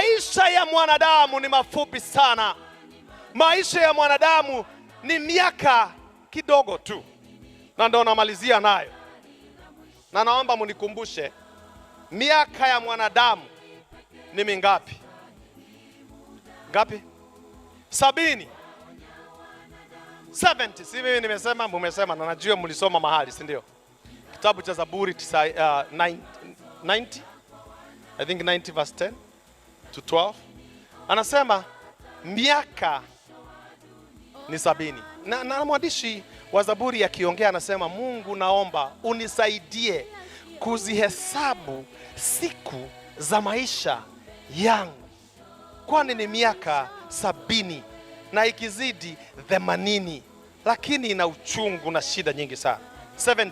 Maisha ya mwanadamu ni mafupi sana. Maisha ya mwanadamu ni miaka kidogo tu, na ndio namalizia nayo, na naomba munikumbushe miaka ya mwanadamu ni mingapi? Ngapi? Sabini, Seventy, Si mimi nimesema, mumesema na najua mlisoma mahali, si ndio? Kitabu cha Zaburi 90, uh, I think 90 verse 10 to 12 anasema miaka ni sabini na, na mwandishi wa Zaburi akiongea anasema, Mungu naomba unisaidie kuzihesabu siku za maisha yangu, kwani ni miaka sabini na ikizidi themanini, lakini ina uchungu na shida nyingi sana 70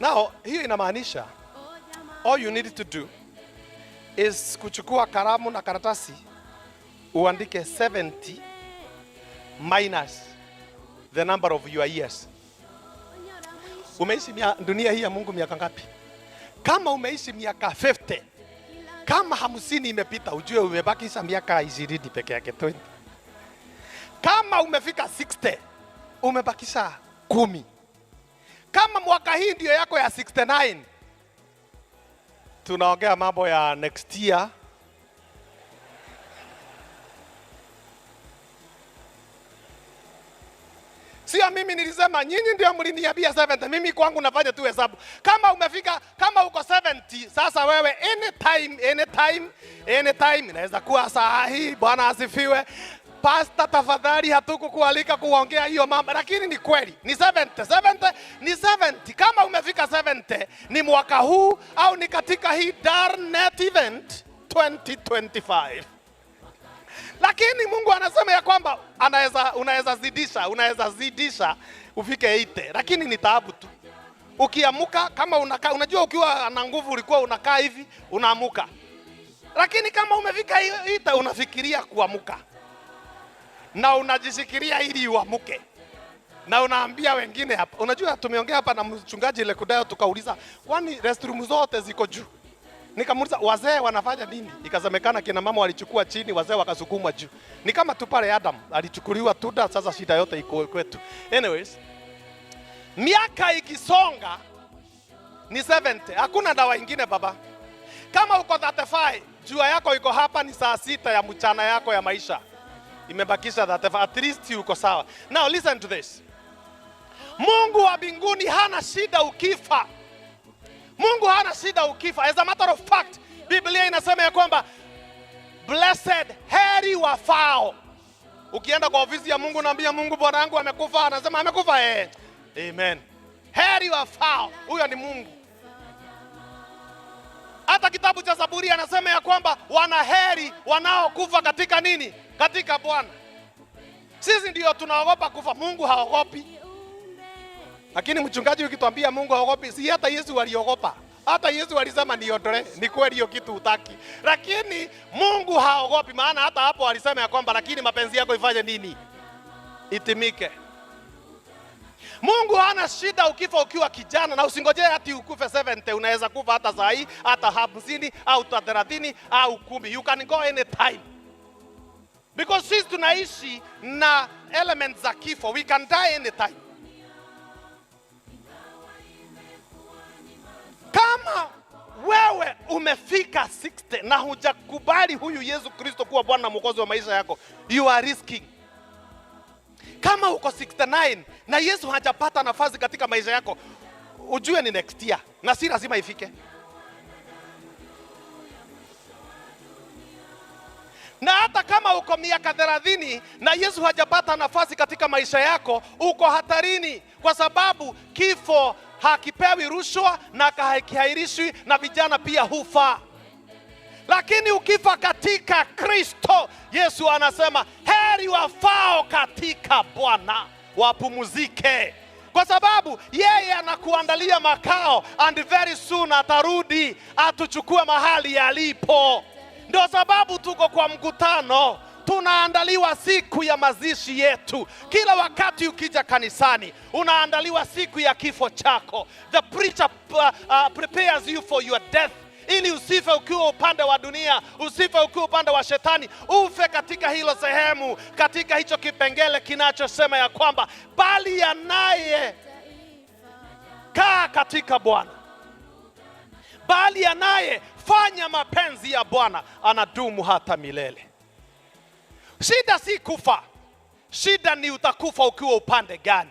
nao. Hiyo inamaanisha all you need to do is kuchukua kalamu na karatasi uandike 70 minus the number of your years. Umeishi dunia hii ya Mungu miaka ngapi? Kama umeishi miaka 50, kama hamsini imepita, ujue umebakisha miaka 20 peke yake 20. Kama umefika 60, umebakisha kumi. Kama mwaka hii ndio yako ya 69 tunaongea mambo ya next year. Sio mimi nilisema, nyinyi ndio mliniambia 70. Mimi kwangu nafanya tu hesabu. Kama umefika kama uko 70 sasa, wewe anytime, anytime, anytime inaweza kuwa saa hii. Bwana asifiwe. Pasta, tafadhali kualika kuongea hiyo mama, lakini ni kweli ni 70, 70, ni 70. Kama umefika 70 ni mwaka huu au ni katika hii Darnet event 2025 lakini Mungu anasema ya kwamba anaweza, unaweza zidisha, unaweza zidisha ufike ite, lakini ni taabu tu. Ukiamuka kama unaka, unajua ukiwa na nguvu ulikuwa unakaa hivi unaamuka, lakini kama umefika ita unafikiria kuamuka na unajisikiria ili uamuke na unaambia wengine hapa. Unajua, tumeongea hapa na mchungaji Lekudayo tukauliza, kwani restroom zote ziko juu? Nikamuuliza wazee wanafanya nini? Ikasemekana kina mama walichukua chini, wazee wakasukumwa juu. Ni kama tu pale Adam alichukuliwa tuda, sasa shida yote iko kwetu. Anyways, miaka ikisonga ni 70, hakuna dawa ingine baba. Kama uko 35, jua yako iko hapa, ni saa sita ya mchana yako ya maisha imebakisha that at least uko sawa. Now listen to this. Mungu wa mbinguni hana shida ukifa. Mungu hana shida ukifa. As a matter of fact, Biblia inasema ya kwamba blessed, heri wafao. Ukienda kwa ofisi ya Mungu unaambia Mungu, bwana wangu amekufa, anasema amekufa. Eh, amen. Heri wafao. Huyo ni Mungu hata kitabu cha Zaburi anasema ya kwamba wanaheri wanaokufa katika nini? Katika Bwana. Sisi ndio tunaogopa kufa, Mungu haogopi. Lakini mchungaji ukitwambia Mungu haogopi, si hata Yesu aliogopa. Hata Yesu alisema niondole, ni kweli hiyo kitu utaki, lakini Mungu haogopi, maana hata hapo alisema ya kwamba lakini mapenzi yako ifanye nini? Itimike. Mungu hana shida ukifa ukiwa kijana, na usingojee hati ukufe 70. Unaweza kufa hata saa hii, hata hamsini au thelathini au kumi. You can go any time because sisi tunaishi na elements za kifo. We can die any time. Kama wewe umefika 60 na hujakubali huyu Yesu Kristo kuwa Bwana na Mwokozi wa maisha yako, you are risking kama uko 69 na Yesu hajapata nafasi katika maisha yako, ujue ni next year na si lazima ifike. Na hata kama uko miaka 30 na Yesu hajapata nafasi katika maisha yako, uko hatarini, kwa sababu kifo hakipewi rushwa na hakihairishwi, na vijana pia hufa. Lakini ukifa katika Kristo, Yesu anasema Heri wafao katika Bwana wapumzike, kwa sababu yeye anakuandalia makao, and very soon atarudi atuchukue mahali alipo Ndio sababu tuko kwa mkutano, tunaandaliwa siku ya mazishi yetu. Kila wakati ukija kanisani, unaandaliwa siku ya kifo chako. The preacher uh, uh, prepares you for your death ili usife ukiwa upande wa dunia, usife ukiwa upande wa shetani, ufe katika hilo sehemu, katika hicho kipengele kinachosema ya kwamba bali yanaye kaa katika Bwana, bali fanya mapenzi ya Bwana anadumu hata milele. Shida si kufa, shida ni utakufa ukiwa upande gani.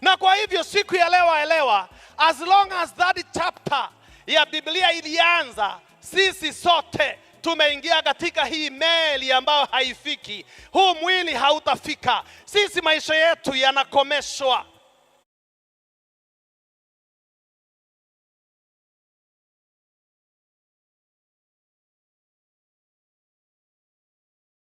Na kwa hivyo siku ya leo elewa, as long as that chapter ya Biblia ilianza, sisi sote tumeingia katika hii meli ambayo haifiki. Huu mwili hautafika, sisi maisha yetu yanakomeshwa.